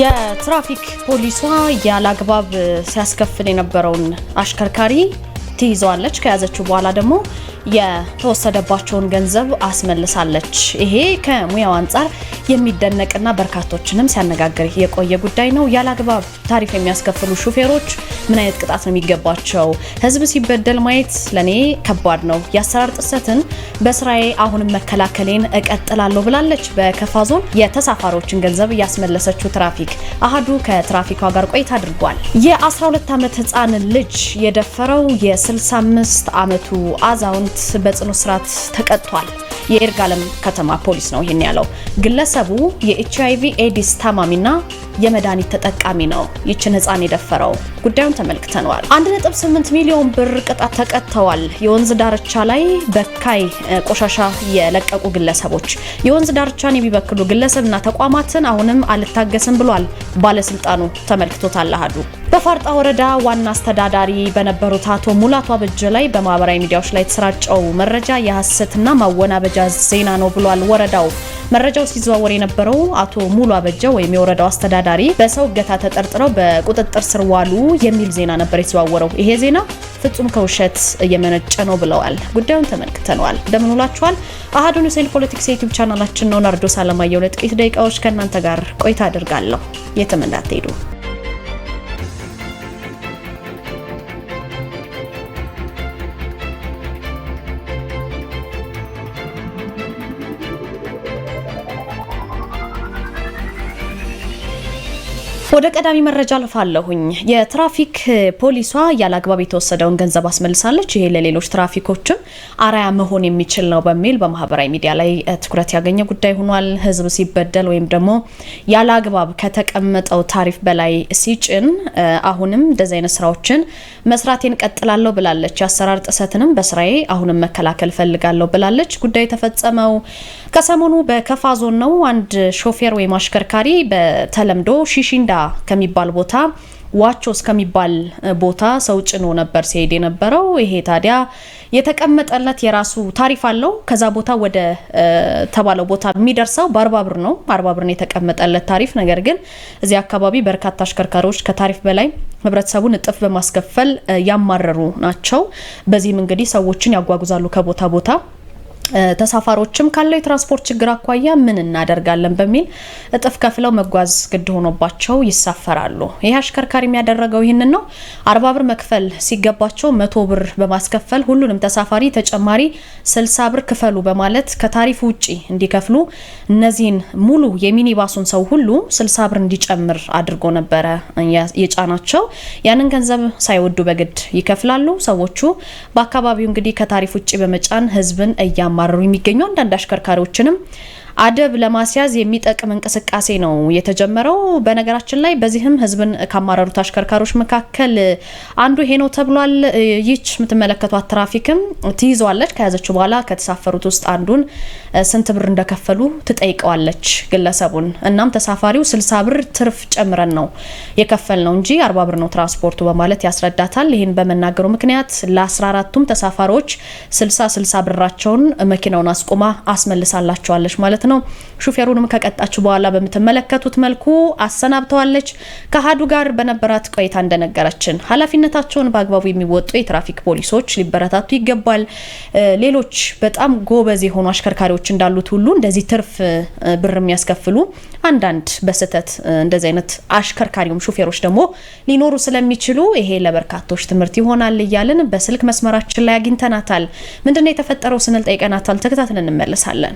የትራፊክ ፖሊሷ ያለአግባብ ሲያስከፍል የነበረውን አሽከርካሪ ትይዘዋለች። ከያዘችው በኋላ ደግሞ የተወሰደባቸውን ገንዘብ አስመልሳለች። ይሄ ከሙያው አንጻር የሚደነቅና በርካቶችንም ሲያነጋግር የቆየ ጉዳይ ነው። ያለአግባብ ታሪፍ የሚያስከፍሉ ሹፌሮች ምን አይነት ቅጣት ነው የሚገባቸው? ህዝብ ሲበደል ማየት ለኔ ከባድ ነው። የአሰራር ጥሰትን በስራዬ አሁንም መከላከሌን እቀጥላለሁ ብላለች። በከፋ ዞን የተሳፋሪዎችን ገንዘብ እያስመለሰችው ትራፊክ አሃዱ ከትራፊኳ ጋር ቆይታ አድርጓል። የ12 ዓመት ህፃን ልጅ የደፈረው የ 65 ዓመቱ አዛውንት በጽኑ እስራት ተቀጥቷል። የይርጋለም ከተማ ፖሊስ ነው ይህን ያለው። ግለሰቡ የኤችአይቪ ኤዲስ ታማሚና የመድኃኒት ተጠቃሚ ነው ይችን ህፃን የደፈረው። ጉዳዩን ተመልክተነዋል። 1.8 ሚሊዮን ብር ቅጣት ተቀጥተዋል። የወንዝ ዳርቻ ላይ በካይ ቆሻሻ የለቀቁ ግለሰቦች የወንዝ ዳርቻን የሚበክሉ ግለሰብና ተቋማትን አሁንም አልታገስም ብሏል ባለስልጣኑ። ተመልክቶታል አሃዱ። በፋርጣ ወረዳ ዋና አስተዳዳሪ በነበሩት አቶ ሙላቱ አበጀ ላይ በማህበራዊ ሚዲያዎች ላይ የተሰራጨው መረጃ የሐሰትና ማወናበጃ ዜና ነው ብሏል ወረዳው። መረጃው ሲዘዋወር የነበረው አቶ ሙሉ አበጀ ወይም የወረዳው አስተዳዳሪ ተወዳዳሪ በሰው እገታ ተጠርጥረው በቁጥጥር ስር ዋሉ የሚል ዜና ነበር የተዘዋወረው። ይሄ ዜና ፍጹም ከውሸት እየመነጨ ነው ብለዋል። ጉዳዩን ተመልክተነዋል። እንደምንውላችኋል። አሀዱ ኒውስ ኤንድ ፖለቲክስ የዩቲዩብ ቻናላችን ነው። ናርዶስ አለማየሁ ለጥቂት ደቂቃዎች ከእናንተ ጋር ቆይታ አድርጋለሁ። የትም እንዳትሄዱ። ወደ ቀዳሚ መረጃ አልፋለሁኝ። የትራፊክ ፖሊሷ ያለ አግባብ የተወሰደውን ገንዘብ አስመልሳለች። ይሄ ለሌሎች ትራፊኮችም አርአያ መሆን የሚችል ነው በሚል በማህበራዊ ሚዲያ ላይ ትኩረት ያገኘ ጉዳይ ሆኗል። ህዝብ ሲበደል ወይም ደግሞ ያለ አግባብ ከተቀመጠው ታሪፍ በላይ ሲጭን አሁንም እንደዚህ አይነት ስራዎችን መስራቴን ቀጥላለሁ ብላለች። የአሰራር ጥሰትንም በስራዬ አሁንም መከላከል ፈልጋለሁ ብላለች። ጉዳይ የተፈጸመው ከሰሞኑ በከፋ ዞን ነው። አንድ ሾፌር ወይም አሽከርካሪ በተለምዶ ሺሺንዳ ከሚባል ቦታ ዋቾ እስከሚባል ቦታ ሰው ጭኖ ነበር ሲሄድ የነበረው። ይሄ ታዲያ የተቀመጠለት የራሱ ታሪፍ አለው። ከዛ ቦታ ወደ ተባለው ቦታ የሚደርሰው በአርባ ብር ነው። አርባ ብር ነው የተቀመጠለት ታሪፍ። ነገር ግን እዚህ አካባቢ በርካታ አሽከርካሪዎች ከታሪፍ በላይ ህብረተሰቡን እጥፍ በማስከፈል ያማረሩ ናቸው። በዚህም እንግዲህ ሰዎችን ያጓጉዛሉ ከቦታ ቦታ ተሳፋሪዎችም ካለው የትራንስፖርት ችግር አኳያ ምን እናደርጋለን በሚል እጥፍ ከፍለው መጓዝ ግድ ሆኖባቸው ይሳፈራሉ። ይህ አሽከርካሪ የሚያደረገው ይህንን ነው። አርባ ብር መክፈል ሲገባቸው መቶ ብር በማስከፈል ሁሉንም ተሳፋሪ ተጨማሪ ስልሳ ብር ክፈሉ በማለት ከታሪፍ ውጪ እንዲከፍሉ እነዚህን ሙሉ የሚኒባሱን ሰው ሁሉ ስልሳ ብር እንዲጨምር አድርጎ ነበረ የጫናቸው። ያንን ገንዘብ ሳይወዱ በግድ ይከፍላሉ። ሰዎቹ በአካባቢው እንግዲህ ከታሪፍ ውጪ በመጫን ህዝብን እያ እያማረሩ የሚገኙ አንዳንድ አሽከርካሪዎችንም አደብ ለማስያዝ የሚጠቅም እንቅስቃሴ ነው የተጀመረው። በነገራችን ላይ በዚህም ህዝብን ካማረሩት አሽከርካሪዎች መካከል አንዱ ይሄ ነው ተብሏል። ይች የምትመለከቷት ትራፊክም ትይዘዋለች። ከያዘች በኋላ ከተሳፈሩት ውስጥ አንዱን ስንት ብር እንደከፈሉ ትጠይቀዋለች ግለሰቡን። እናም ተሳፋሪው ስልሳ ብር ትርፍ ጨምረን ነው የከፈል ነው እንጂ አርባ ብር ነው ትራንስፖርቱ በማለት ያስረዳታል። ይህን በመናገሩ ምክንያት ለ ተሳፋሪዎች ስልሳ ስልሳ ብራቸውን መኪናውን አስቆማ አስመልሳላቸዋለች ማለት ማለት ነው። ሹፌሩንም ከቀጣች በኋላ በምትመለከቱት መልኩ አሰናብተዋለች። ከሀዱ ጋር በነበራት ቆይታ እንደነገረችን ኃላፊነታቸውን በአግባቡ የሚወጡ የትራፊክ ፖሊሶች ሊበረታቱ ይገባል። ሌሎች በጣም ጎበዝ የሆኑ አሽከርካሪዎች እንዳሉት ሁሉ እንደዚህ ትርፍ ብር የሚያስከፍሉ አንዳንድ በስህተት እንደዚህ አይነት አሽከርካሪውም ሹፌሮች ደግሞ ሊኖሩ ስለሚችሉ ይሄ ለበርካቶች ትምህርት ይሆናል እያልን በስልክ መስመራችን ላይ አግኝተናታል። ምንድነው የተፈጠረው ስንል ጠይቀናታል። ተከታትለን እንመለሳለን።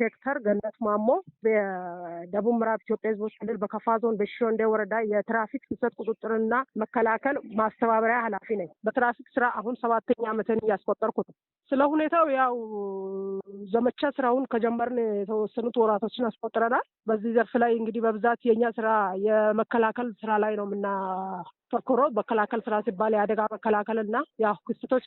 ኢንስፔክተር ገነት ማሞ በደቡብ ምዕራብ ኢትዮጵያ ህዝቦች ክልል በከፋ ዞን በሾንዴ ወረዳ የትራፊክ ፍሰት ቁጥጥርና መከላከል ማስተባበሪያ ኃላፊ ነኝ። በትራፊክ ስራ አሁን ሰባተኛ ዓመትን እያስቆጠርኩት። ስለ ሁኔታው ያው ዘመቻ ስራውን ከጀመርን የተወሰኑት ወራቶችን አስቆጥረናል። በዚህ ዘርፍ ላይ እንግዲህ በብዛት የኛ ስራ የመከላከል ስራ ላይ ነው የምና ተኩሮ መከላከል ስራ ሲባል የአደጋ መከላከልና ያው ክስተቶች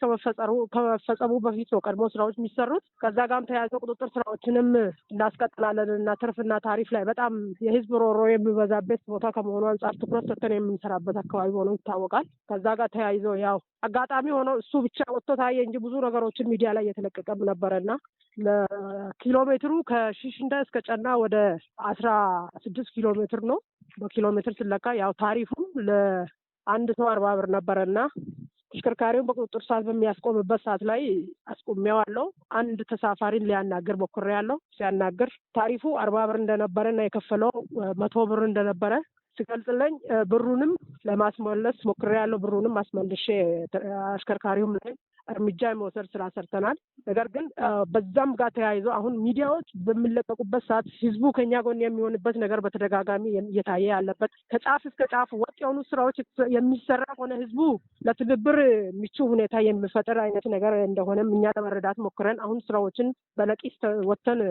ከመፈጸሙ በፊት ነው ቀድሞ ስራዎች የሚሰሩት። ከዛ ጋም ተያዘ ቁጥጥር ስራዎችንም እናስቀጥላለን እና ትርፍና ታሪፍ ላይ በጣም የህዝብ ሮሮ የሚበዛበት ቦታ ከመሆኑ አንጻር ትኩረት ሰተን የምንሰራበት አካባቢ ሆኖ ይታወቃል። ከዛ ጋር ተያይዞ ያው አጋጣሚ ሆኖ እሱ ብቻ ወጥቶ ታየ እንጂ ብዙ ነገሮችን ሚዲያ ላይ እየተለቀቀም ነበረና ለኪሎ ሜትሩ ከሺሽንዳ እስከ ጨና ወደ አስራ ስድስት ኪሎ ሜትር ነው። በኪሎ ሜትር ስለካ ያው ታሪፉም አንድ ሰው አርባ ብር ነበረና ተሽከርካሪውን በቁጥጥር ሰዓት በሚያስቆምበት ሰዓት ላይ አስቆሚያዋለው። አንድ ተሳፋሪን ሊያናግር ሞክሬያለሁ። ሲያናግር ታሪፉ አርባ ብር እንደነበረ እና የከፈለው መቶ ብር እንደነበረ ሲገልጽለኝ ብሩንም ለማስመለስ ሞክሬያለሁ። ብሩንም አስመልሼ አሽከርካሪውም ላይ እርምጃ የመውሰድ ስራ ሰርተናል። ነገር ግን በዛም ጋር ተያይዞ አሁን ሚዲያዎች በሚለቀቁበት ሰዓት ህዝቡ ከኛ ጎን የሚሆንበት ነገር በተደጋጋሚ እየታየ ያለበት ከጫፍ እስከ ጫፍ ወጥ የሆኑ ስራዎች የሚሰራ ከሆነ ህዝቡ ለትብብር ምቹ ሁኔታ የሚፈጥር አይነት ነገር እንደሆነም እኛ ለመረዳት ሞክረን አሁን ስራዎችን በነቂስ ወጥተን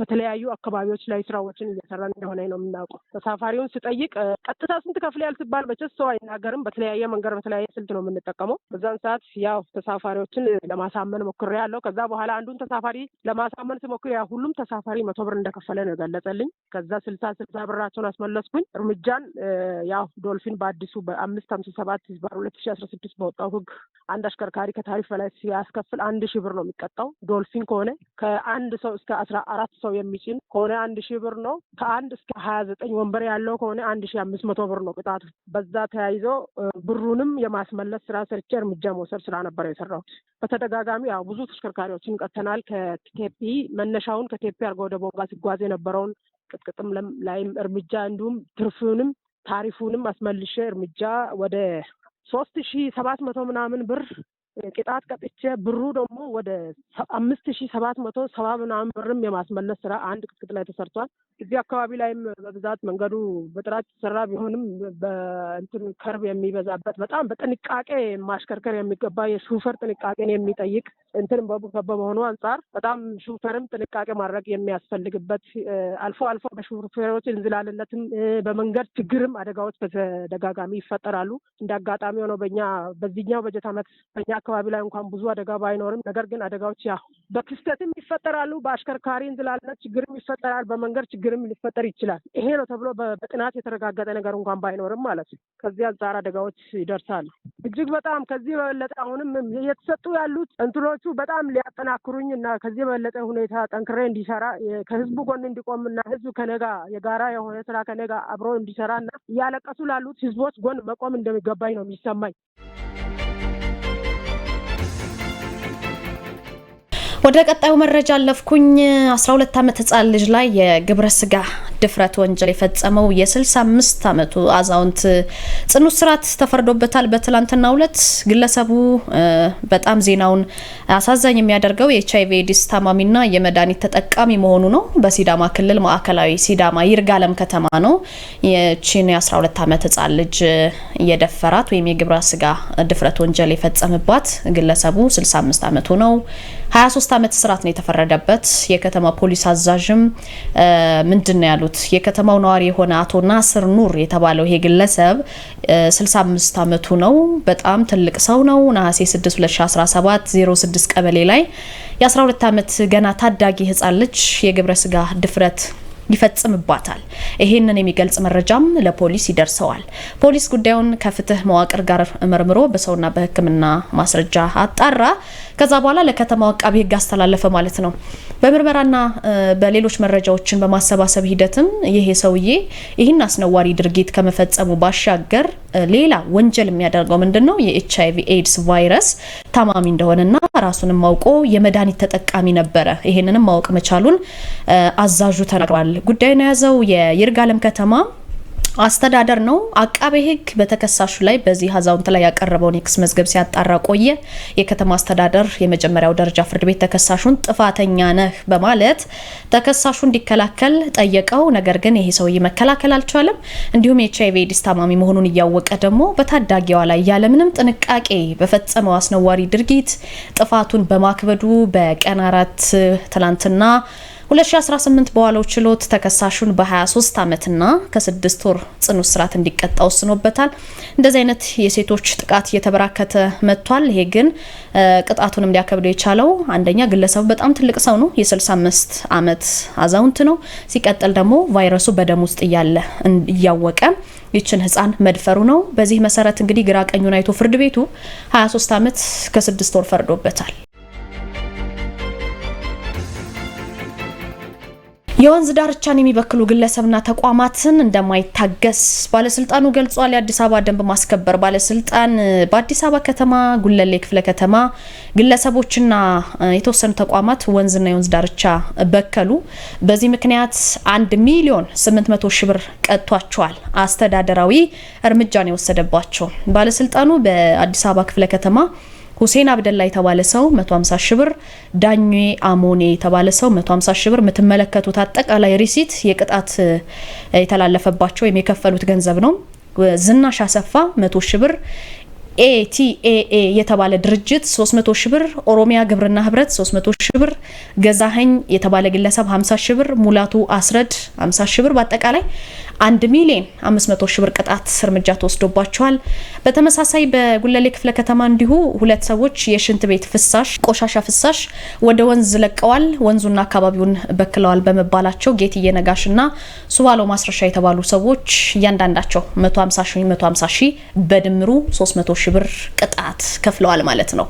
በተለያዩ አካባቢዎች ላይ ስራዎችን እየሰራን እንደሆነ ነው የምናውቀው። ተሳፋሪውን ስጠይቅ ቀጥታ ስንት ያል ሲባል መቼስ ሰው አይናገርም። በተለያየ መንገድ በተለያየ ስልት ነው የምንጠቀመው። በዛን ሰዓት ያው ተሳፋሪዎችን ለማሳመን ሞክሬ ያለው። ከዛ በኋላ አንዱን ተሳፋሪ ለማሳመን ሲሞክር ያ ሁሉም ተሳፋሪ መቶ ብር እንደከፈለ ነው ገለጸልኝ። ከዛ ስልሳ ስልሳ ብራቸውን አስመለስኩኝ። እርምጃን ያው ዶልፊን በአዲሱ በአምስት ሀምሳ ሰባት ህዝባር ሁለት ሺ አስራ ስድስት በወጣው ህግ አንድ አሽከርካሪ ከታሪፍ በላይ ሲያስከፍል አንድ ሺ ብር ነው የሚቀጣው። ዶልፊን ከሆነ ከአንድ ሰው እስከ አስራ አራት ሰው የሚጭን ከሆነ አንድ ሺህ ብር ነው። ከአንድ እስከ ሀያ ዘጠኝ ወንበር ያለው ከሆነ አንድ ሺህ አምስት መቶ ብር ነው ቅጣቱ። በዛ ተያይዞ ብሩንም የማስመለስ ስራ ሰርቼ እርምጃ መውሰድ ስራ ነበረ የሰራሁት። በተደጋጋሚ ያው ብዙ ተሽከርካሪዎችን ቀተናል። ከቴፒ መነሻውን ከቴፒ አድርጎ ወደ ቦንጋ ሲጓዝ የነበረውን ቅጥቅጥም ላይም እርምጃ እንዲሁም ትርፉንም ታሪፉንም አስመልሼ እርምጃ ወደ ሶስት ሺህ ሰባት መቶ ምናምን ብር ቅጣት ቀጥቼ ብሩ ደግሞ ወደ አምስት ሺ ሰባት መቶ ሰባ ምናምን ብርም የማስመለስ ስራ አንድ ቅጥቅጥ ላይ ተሰርቷል። እዚህ አካባቢ ላይም በብዛት መንገዱ በጥራት የተሰራ ቢሆንም በእንትን ከርብ የሚበዛበት በጣም በጥንቃቄ ማሽከርከር የሚገባ የሹፈር ጥንቃቄን የሚጠይቅ እንትን በመሆኑ አንጻር በጣም ሹፈርም ጥንቃቄ ማድረግ የሚያስፈልግበት አልፎ አልፎ በሹፌሮች እንዝላልነትም በመንገድ ችግርም አደጋዎች በተደጋጋሚ ይፈጠራሉ። እንደ አጋጣሚ ሆነው በኛ በዚህኛው በጀት አመት በኛ አካባቢ ላይ እንኳን ብዙ አደጋ ባይኖርም፣ ነገር ግን አደጋዎች ያ በክስተትም ይፈጠራሉ። በአሽከርካሪ እንዝላለ ችግርም ይፈጠራል። በመንገድ ችግርም ሊፈጠር ይችላል። ይሄ ነው ተብሎ በጥናት የተረጋገጠ ነገር እንኳን ባይኖርም ማለት ነው። ከዚህ አንጻር አደጋዎች ይደርሳሉ። እጅግ በጣም ከዚህ በበለጠ አሁንም እየተሰጡ ያሉት እንትኖቹ በጣም ሊያጠናክሩኝ እና ከዚህ በበለጠ ሁኔታ ጠንክሬ እንዲሰራ ከህዝቡ ጎን እንዲቆም እና ህዝብ ከነጋ የጋራ የሆነ ስራ ከነጋ አብሮ እንዲሰራ እና እያለቀሱ ላሉት ህዝቦች ጎን መቆም እንደሚገባኝ ነው የሚሰማኝ። ወደ ቀጣዩ መረጃ አለፍኩኝ። 12 ዓመት ህጻን ልጅ ላይ የግብረ ስጋ ድፍረት ወንጀል የፈጸመው የ65 ዓመቱ አዛውንት ጽኑ እስራት ተፈርዶበታል። በትላንትናው ዕለት ግለሰቡ በጣም ዜናውን አሳዛኝ የሚያደርገው የኤች አይቪ ኤድስ ታማሚና የመድኃኒት ተጠቃሚ መሆኑ ነው። በሲዳማ ክልል ማዕከላዊ ሲዳማ ይርጋለም ከተማ ነው የቺን የ12 ዓመት ህጻን ልጅ የደፈራት ወይም የግብረ ስጋ ድፍረት ወንጀል የፈጸመባት ግለሰቡ 65 ዓመቱ ነው። 23 ዓመት እስራት ነው የተፈረደበት። የከተማ ፖሊስ አዛዥም ምንድን ነው ያሉት? የከተማው ነዋሪ የሆነ አቶ ናስር ኑር የተባለው ይሄ ግለሰብ 65 ዓመቱ ነው። በጣም ትልቅ ሰው ነው። ነሐሴ 6 2017 06 ቀበሌ ላይ የ12 ዓመት ገና ታዳጊ ህጻን ልጅ የግብረ ስጋ ድፍረት ይፈጽምባታል። ይህንን የሚገልጽ መረጃም ለፖሊስ ይደርሰዋል። ፖሊስ ጉዳዩን ከፍትህ መዋቅር ጋር መርምሮ በሰውና በሕክምና ማስረጃ አጣራ። ከዛ በኋላ ለከተማው አቃቢ ሕግ አስተላለፈ ማለት ነው። በምርመራና በሌሎች መረጃዎችን በማሰባሰብ ሂደትም ይሄ ሰውዬ ይህን አስነዋሪ ድርጊት ከመፈጸሙ ባሻገር ሌላ ወንጀል የሚያደርገው ምንድን ነው? የኤች አይቪ ኤድስ ቫይረስ ታማሚ እንደሆነና ራሱንም አውቆ የመድኃኒት ተጠቃሚ ነበረ። ይሄንንም ማወቅ መቻሉን አዛዡ ተናግሯል። ጉዳዩን የያዘው የይርጋለም ከተማ አስተዳደር ነው። አቃቤ ሕግ በተከሳሹ ላይ በዚህ አዛውንት ላይ ያቀረበውን የክስ መዝገብ ሲያጣራ ቆየ። የከተማ አስተዳደር የመጀመሪያው ደረጃ ፍርድ ቤት ተከሳሹን ጥፋተኛ ነህ በማለት ተከሳሹ እንዲከላከል ጠየቀው። ነገር ግን ይሄ ሰውዬ መከላከል አልቻለም። እንዲሁም ኤች አይቪ ኤድስ ታማሚ መሆኑን እያወቀ ደግሞ በታዳጊዋ ላይ ያለምንም ጥንቃቄ በፈጸመው አስነዋሪ ድርጊት ጥፋቱን በማክበዱ በቀን አራት ትላንትና 2018 በዋለው ችሎት ተከሳሹን በ23 ዓመትና ከ6 ወር ጽኑ እስራት እንዲቀጣ ወስኖበታል። እንደዚህ አይነት የሴቶች ጥቃት እየተበራከተ መጥቷል። ይሄ ግን ቅጣቱንም ሊያከብደው የቻለው አንደኛ ግለሰቡ በጣም ትልቅ ሰው ነው፣ የ65 ዓመት አዛውንት ነው። ሲቀጥል ደግሞ ቫይረሱ በደም ውስጥ እያለ እያወቀ ይችን ህፃን መድፈሩ ነው። በዚህ መሰረት እንግዲህ ግራ ቀኙን አይቶ ፍርድ ቤቱ 23 ዓመት ከስድስት ወር ፈርዶበታል። የወንዝ ዳርቻን የሚበክሉ ግለሰብና ተቋማትን እንደማይታገስ ባለስልጣኑ ገልጿል። የአዲስ አበባ ደንብ ማስከበር ባለስልጣን በአዲስ አበባ ከተማ ጉለሌ ክፍለ ከተማ ግለሰቦችና የተወሰኑ ተቋማት ወንዝና የወንዝ ዳርቻ በከሉ። በዚህ ምክንያት አንድ ሚሊዮን መቶ ሺ ብር ቀጥቷቸዋል። አስተዳደራዊ እርምጃን የወሰደባቸው ባለስልጣኑ በአዲስ አበባ ክፍለ ከተማ ሁሴን አብደላ የተባለ ሰው 150 ሺህ ብር፣ ዳኜ አሞኔ የተባለ ሰው 150 ሺህ ብር። የምትመለከቱት አጠቃላይ ሪሲት የቅጣት የተላለፈባቸው ወይም የከፈሉት ገንዘብ ነው። ዝናሽ አሰፋ 100 ሺህ ብር ኤቲኤኤ የተባለ ድርጅት 300 ሺህ ብር፣ ኦሮሚያ ግብርና ህብረት 300 ሺህ ብር፣ ገዛኸኝ የተባለ ግለሰብ 50 ሺህ ብር፣ ሙላቱ አስረድ 50 ሺህ ብር በአጠቃላይ አንድ ሚሊዮን 500 ሺህ ብር ቅጣት እርምጃ ተወስዶባቸዋል። በተመሳሳይ በጉለሌ ክፍለ ከተማ እንዲሁ ሁለት ሰዎች የሽንት ቤት ፍሳሽ ቆሻሻ ፍሳሽ ወደ ወንዝ ለቀዋል፣ ወንዙና አካባቢውን በክለዋል በመባላቸው ጌትዬ ነጋሽና ሱባሎ ማስረሻ የተባሉ ሰዎች እያንዳንዳቸው 150 ሺህ 150 ሺህ በድምሩ 300 ሺህ ብር ቅጣት ከፍለዋል ማለት ነው።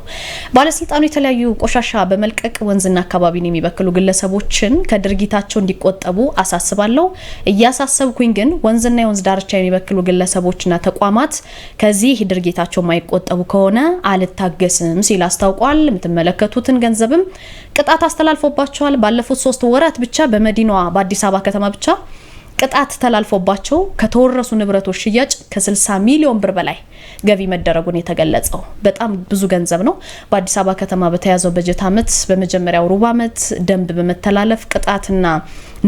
ባለስልጣኑ የተለያዩ ቆሻሻ በመልቀቅ ወንዝና አካባቢን የሚበክሉ ግለሰቦችን ከድርጊታቸው እንዲቆጠቡ አሳስባለሁ እያሳሰብኩኝ ግን ወንዝና የወንዝ ዳርቻ የሚበክሉ ግለሰቦችና ተቋማት ከዚህ ድርጊታቸው የማይቆጠቡ ከሆነ አልታገስም ሲል አስታውቋል። የምትመለከቱትን ገንዘብም ቅጣት አስተላልፎባቸዋል። ባለፉት ሶስት ወራት ብቻ በመዲናዋ በአዲስ አበባ ከተማ ብቻ ቅጣት ተላልፎባቸው ከተወረሱ ንብረቶች ሽያጭ ከ60 ሚሊዮን ብር በላይ ገቢ መደረጉን የተገለጸው በጣም ብዙ ገንዘብ ነው። በአዲስ አበባ ከተማ በተያዘው በጀት ዓመት በመጀመሪያው ሩብ ዓመት ደንብ በመተላለፍ ቅጣትና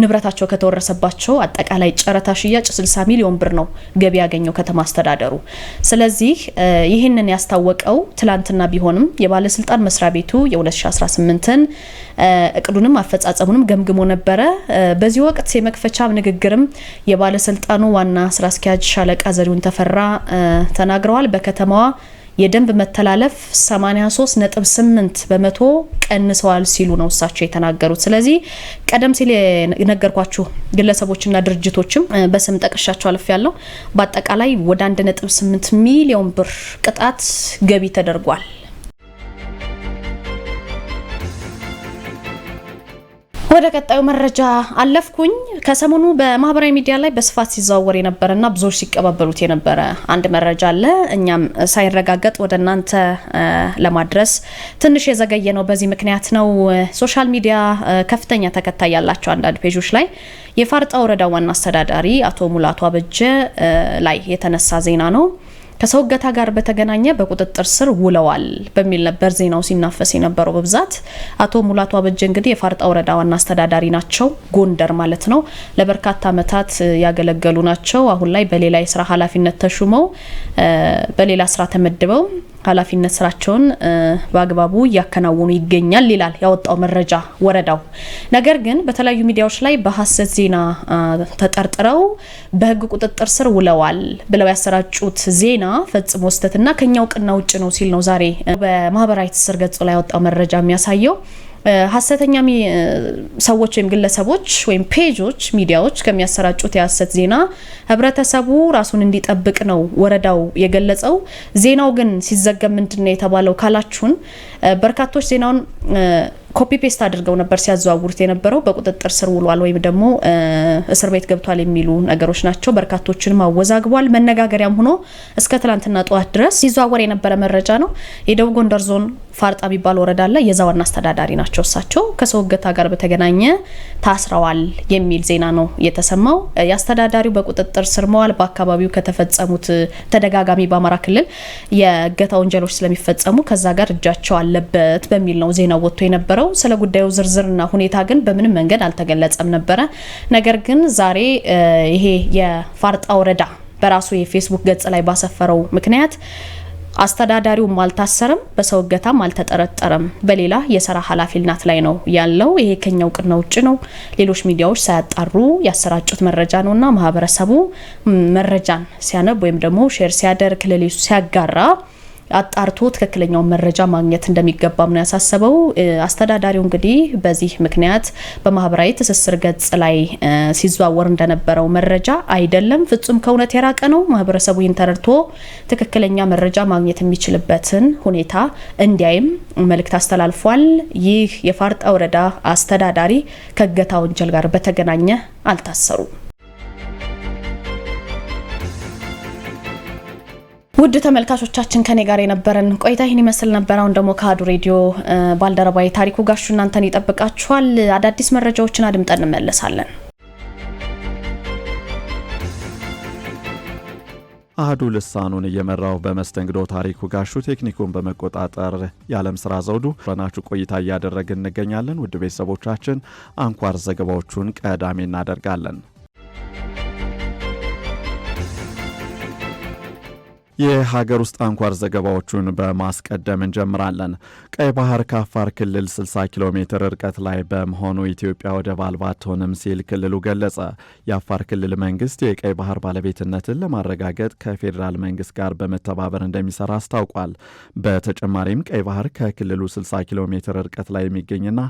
ንብረታቸው ከተወረሰባቸው አጠቃላይ ጨረታ ሽያጭ 60 ሚሊዮን ብር ነው ገቢ ያገኘው ከተማ አስተዳደሩ። ስለዚህ ይህንን ያስታወቀው ትላንትና ቢሆንም የባለስልጣን መስሪያ ቤቱ የ2018ን እቅዱንም አፈጻጸሙንም ገምግሞ ነበረ። በዚህ ወቅት የመክፈቻ ንግግርም የባለስልጣኑ ዋና ስራ አስኪያጅ ሻለቃ ዘሪሁን ተፈራ ተናግረዋል። በከተማዋ የደንብ መተላለፍ 83.8 በመቶ ቀንሰዋል ሲሉ ነው እሳቸው የተናገሩት። ስለዚህ ቀደም ሲል የነገርኳችሁ ግለሰቦችና ድርጅቶችም በስም ጠቅሻቸው አልፍ ያለው በአጠቃላይ ወደ 1.8 ሚሊዮን ብር ቅጣት ገቢ ተደርጓል። ወደ ቀጣዩ መረጃ አለፍኩኝ። ከሰሞኑ በማህበራዊ ሚዲያ ላይ በስፋት ሲዘዋወር እና ብዙዎች ሲቀባበሉት የነበረ አንድ መረጃ አለ። እኛም ሳይረጋገጥ ወደ እናንተ ለማድረስ ትንሽ የዘገየ ነው። በዚህ ምክንያት ነው። ሶሻል ሚዲያ ከፍተኛ ተከታይ ያላቸው አንዳንድ ፔጆች ላይ የፋርጣ ወረዳ ዋና አስተዳዳሪ አቶ ሙላቱ አበጀ ላይ የተነሳ ዜና ነው። ከሰው እገታ ጋር በተገናኘ በቁጥጥር ስር ውለዋል በሚል ነበር ዜናው ሲናፈስ የነበረው በብዛት። አቶ ሙላቱ አበጀ እንግዲህ የፋርጣ ወረዳ ዋና አስተዳዳሪ ናቸው፣ ጎንደር ማለት ነው። ለበርካታ ዓመታት ያገለገሉ ናቸው። አሁን ላይ በሌላ የስራ ኃላፊነት ተሹመው በሌላ ስራ ተመድበው ኃላፊነት ስራቸውን በአግባቡ እያከናወኑ ይገኛል ይላል ያወጣው መረጃ ወረዳው። ነገር ግን በተለያዩ ሚዲያዎች ላይ በሀሰት ዜና ተጠርጥረው በህግ ቁጥጥር ስር ውለዋል ብለው ያሰራጩት ዜና ፈጽሞ ስህተትና ከኛ እውቅና ውጭ ነው ሲል ነው ዛሬ በማህበራዊ ትስስር ገጹ ላይ ያወጣው መረጃ የሚያሳየው። ሀሰተኛ ሰዎች ወይም ግለሰቦች ወይም ፔጆች፣ ሚዲያዎች ከሚያሰራጩት የሀሰት ዜና ህብረተሰቡ ራሱን እንዲጠብቅ ነው ወረዳው የገለጸው። ዜናው ግን ሲዘገብ ምንድነው የተባለው ካላችሁን በርካቶች ዜናውን ኮፒ ፔስት አድርገው ነበር ሲያዘዋውሩት የነበረው። በቁጥጥር ስር ውሏል ወይም ደግሞ እስር ቤት ገብቷል የሚሉ ነገሮች ናቸው። በርካቶችንም አወዛግቧል። መነጋገሪያም ሆኖ እስከ ትላንትና ጠዋት ድረስ ሲዘዋወር የነበረ መረጃ ነው። የደቡብ ጎንደር ዞን ፋርጣ የሚባል ወረዳ ላይ የዛ ዋና አስተዳዳሪ ናቸው። እሳቸው ከሰው እገታ ጋር በተገናኘ ታስረዋል የሚል ዜና ነው የተሰማው። የአስተዳዳሪው በቁጥጥር ስር መዋል በአካባቢው ከተፈጸሙት ተደጋጋሚ በአማራ ክልል የእገታ ወንጀሎች ስለሚፈጸሙ ከዛ ጋር እጃቸው አለበት በሚል ነው ዜናው ወጥቶ የነበረው። ያለው። ስለ ጉዳዩ ዝርዝርና ሁኔታ ግን በምንም መንገድ አልተገለጸም ነበረ። ነገር ግን ዛሬ ይሄ የፋርጣ ወረዳ በራሱ የፌስቡክ ገጽ ላይ ባሰፈረው ምክንያት አስተዳዳሪውም አልታሰረም፣ በሰው እገታም አልተጠረጠረም፣ በሌላ የስራ ኃላፊነት ላይ ነው ያለው። ይሄ ከኛ እውቅና ውጭ ነው፣ ሌሎች ሚዲያዎች ሳያጣሩ ያሰራጩት መረጃ ነው እና ማህበረሰቡ መረጃን ሲያነብ ወይም ደግሞ ሼር ሲያደርግ ለሌሱ ሲያጋራ አጣርቶ ትክክለኛውን መረጃ ማግኘት እንደሚገባም ነው ያሳሰበው። አስተዳዳሪው እንግዲህ በዚህ ምክንያት በማህበራዊ ትስስር ገጽ ላይ ሲዘዋወር እንደነበረው መረጃ አይደለም፣ ፍጹም ከእውነት የራቀ ነው። ማህበረሰቡ ይህን ተረድቶ ትክክለኛ መረጃ ማግኘት የሚችልበትን ሁኔታ እንዲያይም መልእክት አስተላልፏል። ይህ የፋርጣ ወረዳ አስተዳዳሪ ከእገታ ወንጀል ጋር በተገናኘ አልታሰሩም። ውድ ተመልካቾቻችን ከኔ ጋር የነበረን ቆይታ ይህን ይመስል ነበር። አሁን ደግሞ ከአሀዱ ሬዲዮ ባልደረባዊ ታሪኩ ጋሹ እናንተን ይጠብቃችኋል። አዳዲስ መረጃዎችን አድምጠን እንመለሳለን። አህዱ ልሳኑን እየመራው በመስተንግዶ ታሪኩ ጋሹ፣ ቴክኒኩን በመቆጣጠር የዓለም ስራ ዘውዱ ረናችሁ ቆይታ እያደረግን እንገኛለን። ውድ ቤተሰቦቻችን አንኳር ዘገባዎቹን ቀዳሚ እናደርጋለን። የሀገር ውስጥ አንኳር ዘገባዎቹን በማስቀደም እንጀምራለን። ቀይ ባህር ከአፋር ክልል 60 ኪሎ ሜትር ርቀት ላይ በመሆኑ ኢትዮጵያ ወደብ አልባ አትሆንም ሲል ክልሉ ገለጸ። የአፋር ክልል መንግስት የቀይ ባህር ባለቤትነትን ለማረጋገጥ ከፌዴራል መንግስት ጋር በመተባበር እንደሚሰራ አስታውቋል። በተጨማሪም ቀይ ባህር ከክልሉ 60 ኪሎ ሜትር ርቀት ላይ የሚገኝና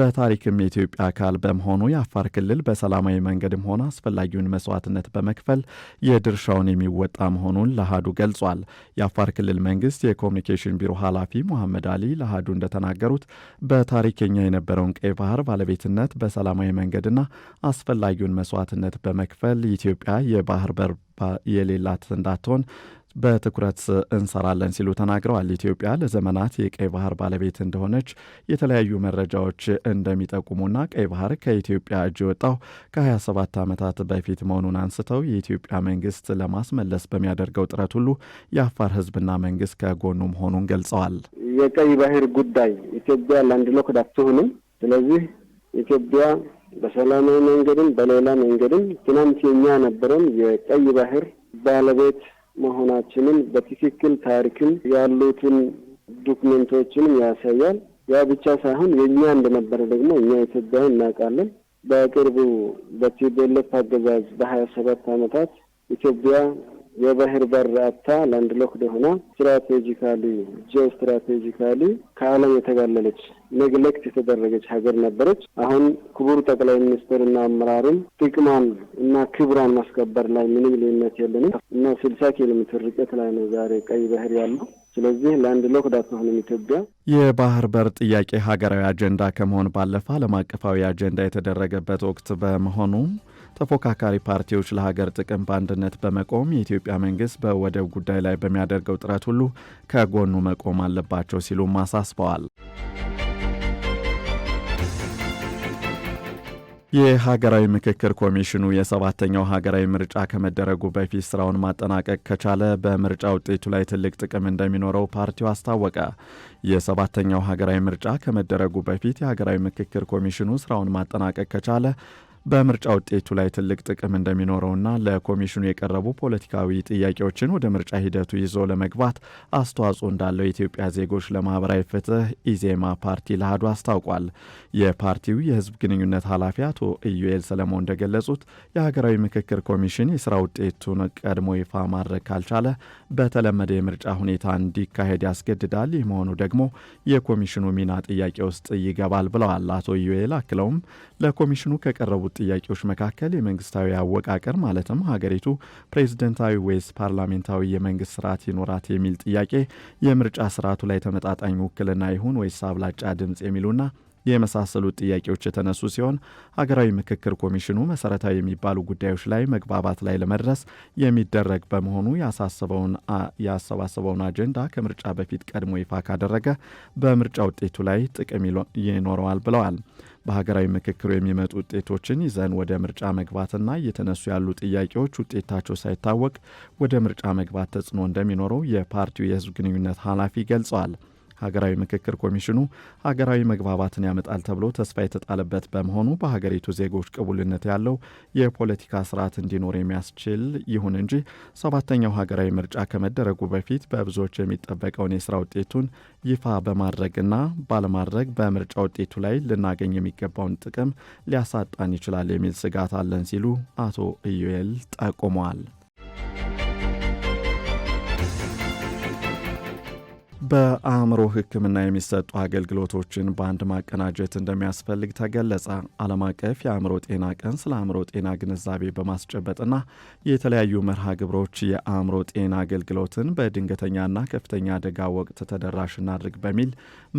በታሪክም የኢትዮጵያ አካል በመሆኑ የአፋር ክልል በሰላማዊ መንገድም ሆነ አስፈላጊውን መስዋዕትነት በመክፈል የድርሻውን የሚወጣ መሆኑን ለአሃዱ ገል ገልጿል። የአፋር ክልል መንግስት የኮሚኒኬሽን ቢሮ ኃላፊ መሐመድ አሊ ለአህዱ እንደተናገሩት በታሪከኛ የነበረውን ቀይ ባህር ባለቤትነት በሰላማዊ መንገድና አስፈላጊውን መስዋዕትነት በመክፈል ኢትዮጵያ የባህር በር የሌላት እንዳትሆን በትኩረት እንሰራለን ሲሉ ተናግረዋል። ኢትዮጵያ ለዘመናት የቀይ ባህር ባለቤት እንደሆነች የተለያዩ መረጃዎች እንደሚጠቁሙና ቀይ ባህር ከኢትዮጵያ እጅ የወጣው ከ27 ዓመታት በፊት መሆኑን አንስተው የኢትዮጵያ መንግስት ለማስመለስ በሚያደርገው ጥረት ሁሉ የአፋር ህዝብና መንግስት ከጎኑ መሆኑን ገልጸዋል። የቀይ ባህር ጉዳይ ኢትዮጵያ ላንድ ሎክድ አትሆንም። ስለዚህ ኢትዮጵያ በሰላማዊ መንገድም በሌላ መንገድም ትናንት የኛ ነበረን የቀይ ባህር ባለቤት መሆናችንን በትክክል ታሪክን ያሉትን ዶክመንቶችንም ያሳያል። ያ ብቻ ሳይሆን የእኛ እንደነበረ ደግሞ እኛ ኢትዮጵያ እናውቃለን። በቅርቡ በቲፒኤልኤፍ አገዛዝ በሀያ ሰባት አመታት ኢትዮጵያ የባህር በር አታ ላንድ ሎክድ ሆና ስትራቴጂካሊ ጂኦ ስትራቴጂካሊ ከዓለም የተጋለለች ኔግሌክት የተደረገች ሀገር ነበረች። አሁን ክቡር ጠቅላይ ሚኒስትርና አመራሩም ጥቅሟን እና ክብሯን ማስከበር ላይ ምንም ልዩነት የለንም እና ስልሳ ኪሎ ሜትር ርቀት ላይ ነው ዛሬ ቀይ ባህር ያለው። ስለዚህ ለአንድ ሎክ አትሆንም ኢትዮጵያ። የባህር በር ጥያቄ ሀገራዊ አጀንዳ ከመሆን ባለፈ ዓለም አቀፋዊ አጀንዳ የተደረገበት ወቅት በመሆኑ ተፎካካሪ ፓርቲዎች ለሀገር ጥቅም በአንድነት በመቆም የኢትዮጵያ መንግስት በወደብ ጉዳይ ላይ በሚያደርገው ጥረት ሁሉ ከጎኑ መቆም አለባቸው ሲሉም አሳስበዋል። የሀገራዊ ምክክር ኮሚሽኑ የሰባተኛው ሀገራዊ ምርጫ ከመደረጉ በፊት ስራውን ማጠናቀቅ ከቻለ በምርጫ ውጤቱ ላይ ትልቅ ጥቅም እንደሚኖረው ፓርቲው አስታወቀ። የሰባተኛው ሀገራዊ ምርጫ ከመደረጉ በፊት የሀገራዊ ምክክር ኮሚሽኑ ስራውን ማጠናቀቅ ከቻለ በምርጫ ውጤቱ ላይ ትልቅ ጥቅም እንደሚኖረውና ለኮሚሽኑ የቀረቡ ፖለቲካዊ ጥያቄዎችን ወደ ምርጫ ሂደቱ ይዞ ለመግባት አስተዋጽኦ እንዳለው የኢትዮጵያ ዜጎች ለማህበራዊ ፍትህ ኢዜማ ፓርቲ ለአሐዱ አስታውቋል። የፓርቲው የህዝብ ግንኙነት ኃላፊ አቶ ኢዩኤል ሰለሞን እንደገለጹት የሀገራዊ ምክክር ኮሚሽን የስራ ውጤቱን ቀድሞ ይፋ ማድረግ ካልቻለ በተለመደ የምርጫ ሁኔታ እንዲካሄድ ያስገድዳል። ይህ መሆኑ ደግሞ የኮሚሽኑ ሚና ጥያቄ ውስጥ ይገባል ብለዋል። አቶ ኢዩኤል አክለውም ለኮሚሽኑ ከቀረቡት ጥያቄዎች መካከል የመንግስታዊ አወቃቀር ማለትም ሀገሪቱ ፕሬዝደንታዊ ወይስ ፓርላሜንታዊ የመንግስት ስርዓት ይኖራት የሚል ጥያቄ፣ የምርጫ ስርዓቱ ላይ ተመጣጣኝ ውክልና ይሁን ወይስ አብላጫ ድምፅ የሚሉና የመሳሰሉት ጥያቄዎች የተነሱ ሲሆን ሀገራዊ ምክክር ኮሚሽኑ መሰረታዊ የሚባሉ ጉዳዮች ላይ መግባባት ላይ ለመድረስ የሚደረግ በመሆኑ ያሰባሰበውን አጀንዳ ከምርጫ በፊት ቀድሞ ይፋ ካደረገ በምርጫ ውጤቱ ላይ ጥቅም ይኖረዋል ብለዋል። በሀገራዊ ምክክሩ የሚመጡ ውጤቶችን ይዘን ወደ ምርጫ መግባትና እየተነሱ ያሉ ጥያቄዎች ውጤታቸው ሳይታወቅ ወደ ምርጫ መግባት ተጽዕኖ እንደሚኖረው የፓርቲው የህዝብ ግንኙነት ኃላፊ ገልጸዋል። ሀገራዊ ምክክር ኮሚሽኑ ሀገራዊ መግባባትን ያመጣል ተብሎ ተስፋ የተጣለበት በመሆኑ በሀገሪቱ ዜጎች ቅቡልነት ያለው የፖለቲካ ስርዓት እንዲኖር የሚያስችል ይሁን እንጂ ሰባተኛው ሀገራዊ ምርጫ ከመደረጉ በፊት በብዙዎች የሚጠበቀውን የስራ ውጤቱን ይፋ በማድረግና ባለማድረግ በምርጫ ውጤቱ ላይ ልናገኝ የሚገባውን ጥቅም ሊያሳጣን ይችላል የሚል ስጋት አለን ሲሉ አቶ ኢዩኤል ጠቁመዋል። በአእምሮ ሕክምና የሚሰጡ አገልግሎቶችን በአንድ ማቀናጀት እንደሚያስፈልግ ተገለጸ። ዓለም አቀፍ የአእምሮ ጤና ቀን ስለ አእምሮ ጤና ግንዛቤ በማስጨበጥና የተለያዩ መርሃ ግብሮች የአእምሮ ጤና አገልግሎትን በድንገተኛና ከፍተኛ አደጋ ወቅት ተደራሽ እናድርግ በሚል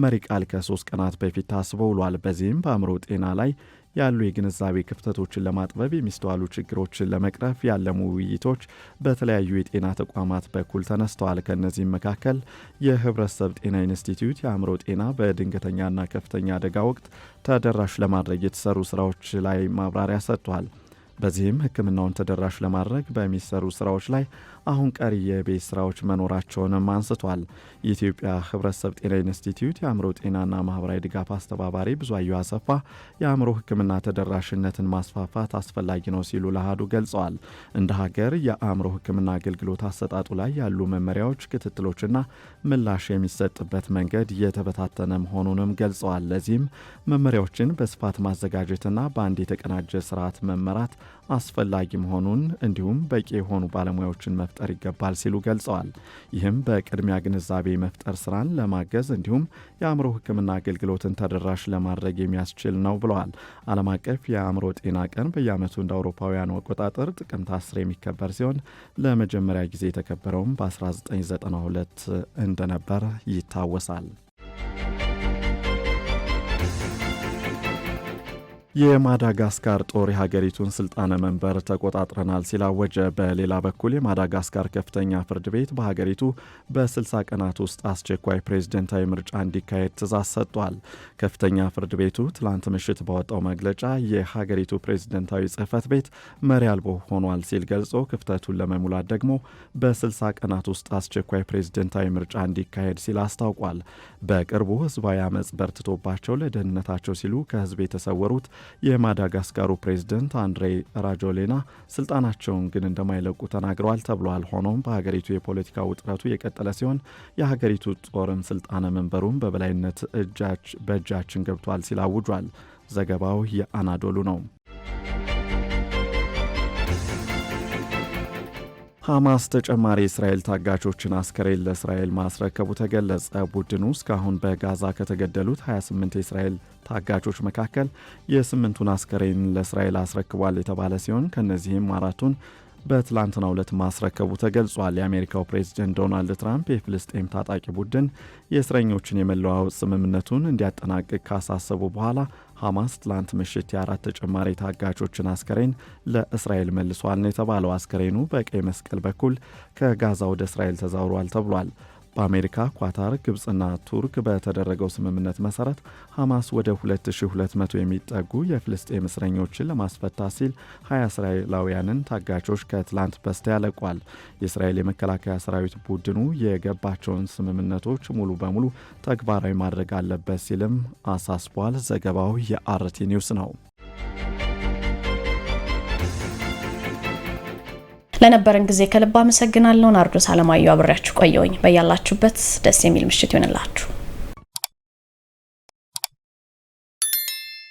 መሪ ቃል ከሶስት ቀናት በፊት ታስቦ ውሏል። በዚህም በአእምሮ ጤና ላይ ያሉ የግንዛቤ ክፍተቶችን ለማጥበብ የሚስተዋሉ ችግሮችን ለመቅረፍ ያለሙ ውይይቶች በተለያዩ የጤና ተቋማት በኩል ተነስተዋል። ከእነዚህም መካከል የህብረተሰብ ጤና ኢንስቲትዩት የአእምሮ ጤና በድንገተኛና ከፍተኛ አደጋ ወቅት ተደራሽ ለማድረግ የተሰሩ ስራዎች ላይ ማብራሪያ ሰጥቷል። በዚህም ህክምናውን ተደራሽ ለማድረግ በሚሰሩ ስራዎች ላይ አሁን ቀሪ የቤት ስራዎች መኖራቸውንም አንስቷል። የኢትዮጵያ ህብረተሰብ ጤና ኢንስቲትዩት የአእምሮ ጤናና ማህበራዊ ድጋፍ አስተባባሪ ብዙአየሁ አሰፋ የአእምሮ ህክምና ተደራሽነትን ማስፋፋት አስፈላጊ ነው ሲሉ ለሃዱ ገልጸዋል። እንደ ሀገር የአእምሮ ህክምና አገልግሎት አሰጣጡ ላይ ያሉ መመሪያዎች፣ ክትትሎችና ምላሽ የሚሰጥበት መንገድ እየተበታተነ መሆኑንም ገልጸዋል። ለዚህም መመሪያዎችን በስፋት ማዘጋጀትና በአንድ የተቀናጀ ስርዓት መመራት አስፈላጊ መሆኑን እንዲሁም በቂ የሆኑ ባለሙያዎችን መፍጠር ይገባል ሲሉ ገልጸዋል። ይህም በቅድሚያ ግንዛቤ መፍጠር ስራን ለማገዝ እንዲሁም የአእምሮ ሕክምና አገልግሎትን ተደራሽ ለማድረግ የሚያስችል ነው ብለዋል። ዓለም አቀፍ የአእምሮ ጤና ቀን በየዓመቱ እንደ አውሮፓውያኑ አቆጣጠር ጥቅምት 10 የሚከበር ሲሆን ለመጀመሪያ ጊዜ የተከበረውም በ1992 እንደነበር ይታወሳል። የማዳጋስካር ጦር የሀገሪቱን ስልጣነ መንበር ተቆጣጥረናል ሲል አወጀ። በሌላ በኩል የማዳጋስካር ከፍተኛ ፍርድ ቤት በሀገሪቱ በ60 ቀናት ውስጥ አስቸኳይ ፕሬዝደንታዊ ምርጫ እንዲካሄድ ትእዛዝ ሰጥቷል። ከፍተኛ ፍርድ ቤቱ ትላንት ምሽት ባወጣው መግለጫ የሀገሪቱ ፕሬዝደንታዊ ጽህፈት ቤት መሪ አልቦ ሆኗል ሲል ገልጾ ክፍተቱን ለመሙላት ደግሞ በ60 ቀናት ውስጥ አስቸኳይ ፕሬዝደንታዊ ምርጫ እንዲካሄድ ሲል አስታውቋል። በቅርቡ ህዝባዊ አመፅ በርትቶባቸው ለደህንነታቸው ሲሉ ከህዝብ የተሰወሩት የማዳጋስካሩ ፕሬዚደንት አንድሬ ራጆሌና ስልጣናቸውን ግን እንደማይለቁ ተናግረዋል ተብሏል። ሆኖም በሀገሪቱ የፖለቲካ ውጥረቱ የቀጠለ ሲሆን የሀገሪቱ ጦርም ስልጣነ መንበሩም በበላይነት እጃች በእጃችን ገብቷል ሲል አውጇል። ዘገባው የአናዶሉ ነው። ሐማስ ተጨማሪ የእስራኤል ታጋቾችን አስከሬን ለእስራኤል ማስረከቡ ተገለጸ። ቡድኑ እስካሁን በጋዛ ከተገደሉት 28 የእስራኤል ታጋቾች መካከል የስምንቱን አስከሬን ለእስራኤል አስረክቧል የተባለ ሲሆን ከእነዚህም አራቱን በትላንትና ዕለት ማስረከቡ ተገልጿል። የአሜሪካው ፕሬዝደንት ዶናልድ ትራምፕ የፍልስጤም ታጣቂ ቡድን የእስረኞችን የመለዋወጥ ስምምነቱን እንዲያጠናቅቅ ካሳሰቡ በኋላ ሐማስ ትላንት ምሽት የአራት ተጨማሪ ታጋቾችን አስከሬን ለእስራኤል መልሷል ነው የተባለው። አስከሬኑ በቀይ መስቀል በኩል ከጋዛ ወደ እስራኤል ተዛውሯል ተብሏል። በአሜሪካ፣ ኳታር፣ ግብፅና ቱርክ በተደረገው ስምምነት መሰረት ሐማስ ወደ 2200 የሚጠጉ የፍልስጤም እስረኞችን ለማስፈታ ሲል 20 እስራኤላውያንን ታጋቾች ከትላንት በስቲያ ለቋል። የእስራኤል የመከላከያ ሰራዊት ቡድኑ የገባቸውን ስምምነቶች ሙሉ በሙሉ ተግባራዊ ማድረግ አለበት ሲልም አሳስቧል። ዘገባው የአርቲ ኒውስ ነው። ለነበረን ጊዜ ከልብ አመሰግናለሁ። ናርዶስ አለማየሁ አብሬያችሁ ቆየውኝ። በያላችሁበት ደስ የሚል ምሽት ይሆንላችሁ።